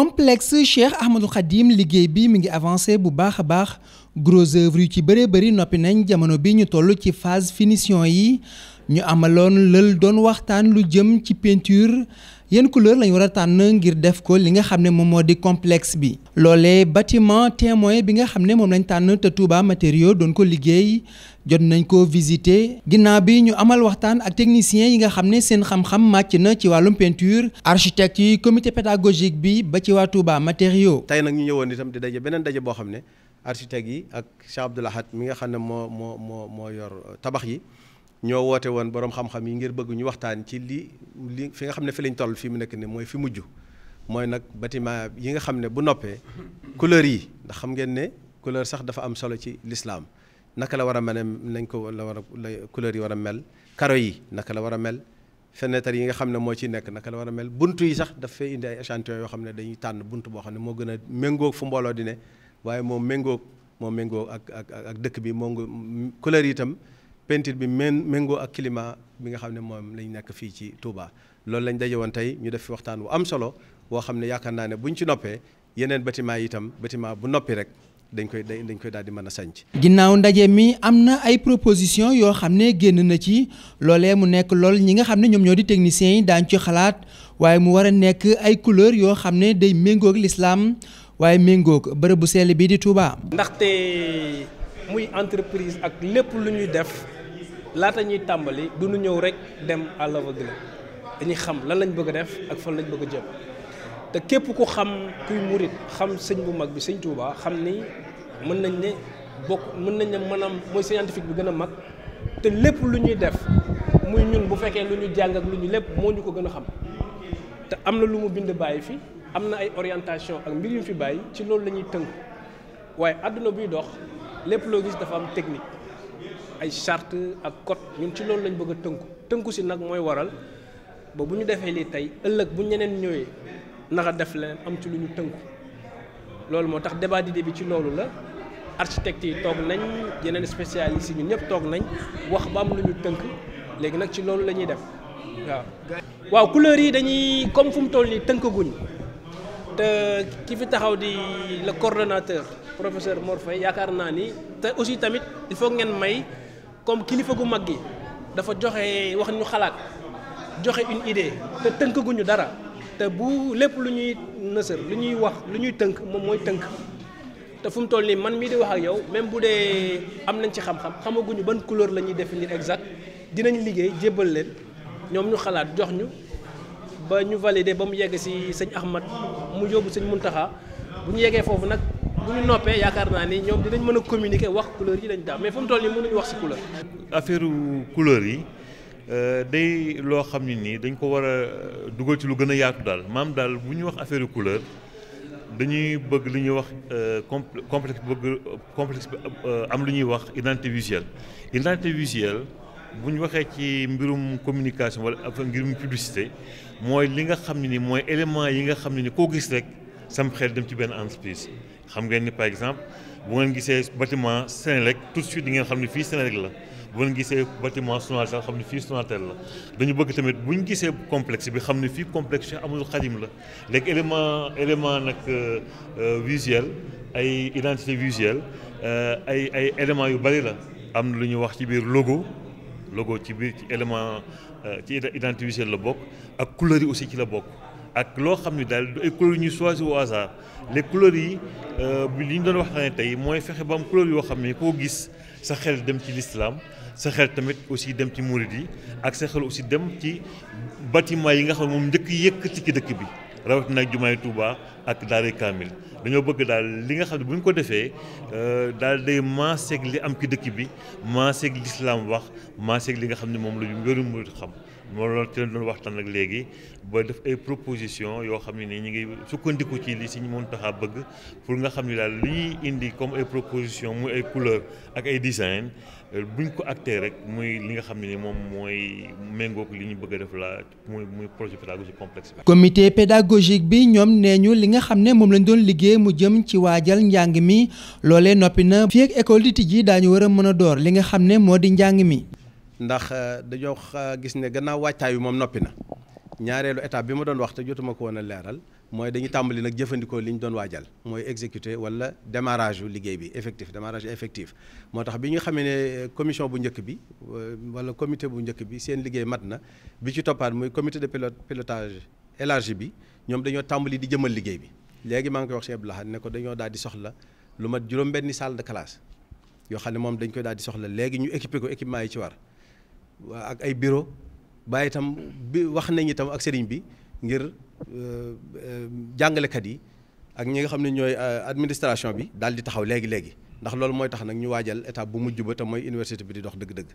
complexe Cheikh Ahmadou Khadim liggéey bi mu ngi avancé bu baax a baax gros œuvre yu ci bëree bëri noppi nañ jamono bi ñu toll ci phase finition yi ñu amaloon lël doon waxtaan lu jëm ci peinture yenn couleur lañu war a tànn ngir def ko li nga xam ne moom moo di complexe bi loolee bâtiment témoin bi nga xam ne moom lañ tànn te Touba matério doon ko liggéey jot nañ ko visité ginnaaw bi ñu amal waxtaan ak techniciens yi nga xam ne seen xam-xam màcc na ci wàllum peinture architecte yi comité pédagogique bi ba ci waa Touba matériaux tey nag ñu ñëwoon tam di daje beneen daje boo xam ne architecte yi ak Cheikh Abdoul Ahad mi nga xam ne moo moo moo moo yor tabax yi ñoo woote woon borom xam-xam yi ngir bëgg ñu waxtaan ci lii lii fi nga xam ne fi lañ toll fii mu nekk nii mooy fi mujj mooy nag bâtiment yi nga xam ne bu noppee couleur yi ndax xam ngeen ne couleur sax dafa am solo ci lislaam naka la war a mel nañ ko la war a couleur yi war a mel karo yi naka la war a mel fenêtre yi nga xam ne moo ciy nekk naka la war a mel bunt yi sax daf fay indi ay échantillon yoo xam ne dañuy tànn bunt boo xam ne moo gën a méngoog fu mbooloo di ne waaye moom méngoog moo méngoog ak ak ak dëkk bi moo ngi couleur yi itam peinture bi men méngoo ak climat bi nga xam ne moom lañ nekk fii ci Touba loolu lañ daje woon tey ñu def fi waxtaan wu am solo woo xam ne yaakaar naa ne bu ñu ci noppee yeneen bâtiment yi itam bâtiment bu noppi rek dañ koy dañ koy daal di mën a sanc ginnaaw ndaje mi am na ay proposition yoo xam ne génn na ci loolee mu nekk lool ñi nga xam ne ñoom ñoo di techniciens yi daañ ci xalaat waaye mu war a nekk ay couleur yoo xam ne day méngoog lislaam waaye méngoog bërëb bu sell bii di Touba. ndaxte muy entreprise ak lépp lu ñuy def. laata ñuy tàmbali du ñëw rek dem à l'aveugle dañuy xam lan lañ bëgg a def ak fan lañ bëgg a jëm te képp ku xam kuy murit xam sëñ bu mag bi sëñ Touba xam ni mën nañ ne bokk mën nañ ne maanaam mooy scientifique bi gën a mag te lépp lu ñuy def muy ñun bu fekkee lu ñu jàng ak lu ñu lépp moo ñu ko gën a xam te am na lu mu bind bàyyi fi am na ay orientation ak mbir yu fi bàyyi ci loolu lañuy ñuy tënk waaye àdduna buy dox lépp loo gis dafa am technique. ay charte ak code ñun ci loolu lañ bëgg a tënku tënku si nag mooy waral ba bu ñu defee lii tey ëllëg bu ñeneen ñëwee naka def leen am ci lu ñu tënku loolu moo tax débat d'idées bi ci loolu la architecte yi toog nañ yeneen spécialistes yi ñun ñëpp toog nañ wax ba am lu ñu tënk léegi nag ci loolu lañuy def waaw. waaw yi dañuy comme fu mu toll nii tënkaguñ te ki fi taxaw di la coordonnateur professeur Mor Faye yaakaar naa ni te aussi tamit il faut ngeen may. comme kilifa gu mag gi dafa joxe wax ñu xalaat joxe une idée te tënk gu ñu dara te bu lépp lu ñuy nësër lu ñuy wax lu ñuy tënk moom mooy tënk te fu mu toll nii man mii di wax ak yow même bu dee am nañ ci xam-xam xamaguñu ban couleur la ñuy définir exact dinañ liggéey jébbal leen ñoom ñu xalaat jox ñu ba ñu valider ba mu yegg si sëñ Ahmad mu yóbbu sëñ Muntaxa bu ñu yeggee foofu nag. bu ñu noppee yaakaar naa ni ñoom dinañ mën a communiquer wax couleur yi dañ daam mais fu mu toll nii mënuñu wax ci couleur. affaire couleur yi euh, day loo xam ne nii dañ ko war a euh, dugal ci lu gën a yaatu daal maam daal bu ñu wax affaire couleur dañuy bëgg lu ñuy wax euh, complexe bëgg complexe am lu ñuy wax identité visuelle identité visuelle. bu ñu waxee ci mbirum communication wala mbirum publicité mooy li nga xam ne nii mooy élément yi nga xam ne ni koo gis rek sam dem ci benn entreprise xam ngeen ni par exemple bu ngeen gisee bâtiment Sénélec tout de suite di ngeen xam ne fii Sénélec la bu ngeen gisee bâtiment Sonatel xam ne fii Sonatel la dañu bëgg tamit bu gisee complexe bi xam ne fii complexe amul xadim la léegi élément élément nag euh, euh, visuel ay identité visuelle euh, ay ay éléments yu bari la am na lu ñu wax ci biir logo logo ci biir ci élément ci identité visuelle la bokk ak couleur yi aussi ci la bokk ak loo xam ne daal du ay couleurs yu ñuy choisir au hasard les couleurs yi euh, li ñu doon wax ne tey mooy fexe ba am couleur yoo xam ne koo gis sa xel dem ci lislaam sa xel tamit aussi dem ci murid yi ak sa aussi dem ci bâtiment yi nga xam ne moom njëkk yëkkati ci dëkk bi rawatina ak jumaay Touba ak daaray Kaamil dañoo bëgg daal li nga xam ne bu ñu ko defee euh, daal day maaseeg li am ci dëkk bi maaseeg l'islam wax maaseeg li nga xam ne moom la ñu wéru murid xam moo loolu ci leen waxtaan ak léegi ba def ay proposition yoo xam ne ni ñu ngi sukkandiku ci li si ñu mën taxaa bëgg pour nga xam ne daal li indi comme ay proposition muy ay couleur ak ay design euh, buñ ko acté rek muy li nga xam ne moom mooy méngoog li ñu bëgg a def la muy muy projet pédagogique complexe bi. comité pédagogique bi ñoom nee ñu li nga xam ne moom lañ doon liggéey mu jëm ci waajal njàng mi loolee noppi na. fii ak école di tijji daañu war a mën a door li nga xam ne moo di njàng mi. ndax euh, dañoo gis ne gannaaw waajtaay bi moom noppi na ñaareelu état bi ma doon wax te jotuma ko woon a leeral mooy dañu tàmbali nag jëfandikoo li ñu doon waajal mooy exécuter wala démarrage liggéey bi effectif démarrage effectif moo tax bi ñu xamee ne euh, commission bu njëkk bi euh, wala comité bu njëkk bi seen liggéey mat na bi ci toppaat muy comité de pilot pilotage élargi bi ñoom dañoo tàmbali di jëmal liggéey bi léegi maa ngi koy wax si Abdou Lahad ne ko dañoo daal di soxla lu mat juróom-benni salle de classe yoo xam ne moom dañ koy daal di soxla léegi ñu équipé ko équipement yi ci war ak ay bureau bàyyi itam bi wax nañ itam ak sëriñ bi ngir euh, euh, jàngalekat yi ak ñi nga xam ne ñooy euh, administration bi daal di taxaw léegi léegi ndax loolu mooy tax nag ñu waajal étape bu mujj ba te mooy université bi di dox dëgg-dëgg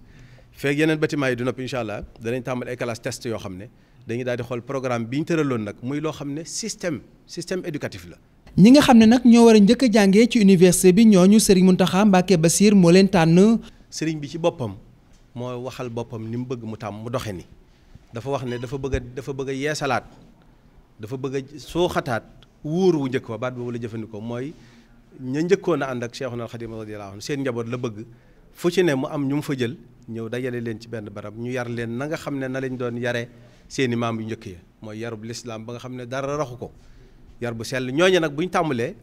feek yeneen bâtiment yi du noppi allah danañ tàmbali ay classe test yoo xam ne dañuy daal di xool programme bi ñu tëraloon nag muy loo xam ne système système éducatif la. ñi nga xam ne nag ñoo war a njëkk a jàngee ci université bi ñooñu Serigne Mountakha Mbacké Bassir moo leen tànn. Serigne bi ci boppam. mooy waxal boppam ni mu bëgg mu tàmm mu doxe ni dafa wax ne dafa bëgg dafa bëgg a yeesalaat dafa bëgg a suuxataat wuur wu njëkk ba baat boobu la jëfandikoo mooy ñu njëkkoon a ànd ak Cheikhul Khadim radiyallahu anhu seen njaboot la bëgg fu ci ne mu am ñu mu fa jël ñëw dajale leen ci benn barab ñu yar leen na nga xam ne na lañ doon yare seeni maam yu njëkk ya mooy yarub lislaam ba nga xam ne dara raxu ko yar bu sell ñooñu nag bu ñu tàmbalee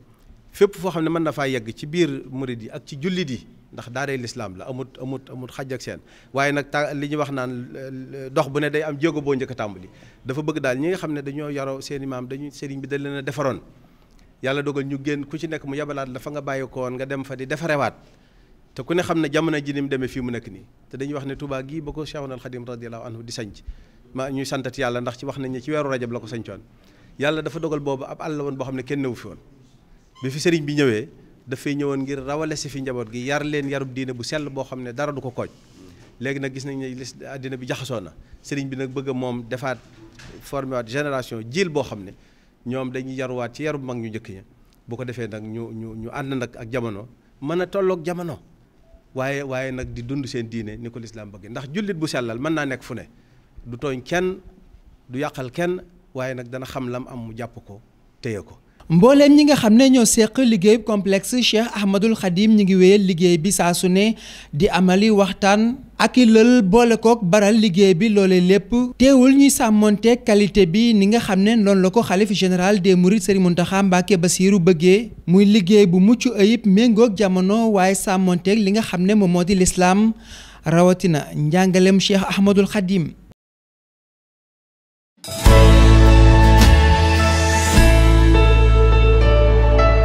fépp foo xam ne mën na faa yegg ci biir murid yi ak ci jullit yi ndax daaree lislaam la amut amut amut xaj ak seen waaye nag ta li ñuy wax naan dox bu ne day am jéego boo njëkk a tàmbali dafa bëgg daal ñi nga xam ne dañoo yaroo seen maam dañu sëriñ bi da leen a yàlla dogal ñu génn ku ci nekk mu yabalaat la fa nga bàyyi ko woon nga dem fa di defarewaat te ku ne xam ne jamono ji ni mu demee fii mu nekk nii te dañu wax ne Tuubaa gii ba ko Cheikhul Khadim radiyallahu anhu di sanc ma ñuy santat yàlla ndax ci wax nañ ci weeru rajab la ko sancoon yàlla dafa dogal boobu ab àll woon boo xam ne kenn newu fi woon dafay ñëwoon ngir rawale si fi njaboot gi yar leen yarub diine bu sell boo xam ne dara du ko kooj léegi nag gis nañ ne àddina bi jaxasoo na sëriñ bi nag bëgg moom defaat formé waat génération jiil boo xam ne ñoom dañuy jaruwaat ci yarub mag ñu njëkk ña bu ko defee nag ñu ñu ñu ànd nag ak jamono mën a tollook jamono waaye waaye nag di dund seen diine ni ko lislaam bëgg ndax jullit bu sellal mën naa nekk fu ne du tooñ kenn du yàqal kenn waaye nag dana xam lam am mu jàpp ko téye ko mbooleem ñi nga xam ne ñoo seq liggéey complexe Cheikh Ahmadul Khadim ñi ngi wéyal liggéey bi saa su ne di amali waxtaan ak i lël boole kook baral liggéey bi loole lépp teewul ñuy sàmmonte qualité bi ni nga xam ne noonu la ko xalif général des mourides Serigne Mountakha ba siiru bëggee muy liggéey bu mucc ayib méngook jamono waaye sàmmonteeg li nga xam ne moom moo di lislaam rawatina njàngaleem Cheikh Ahmadul Khadim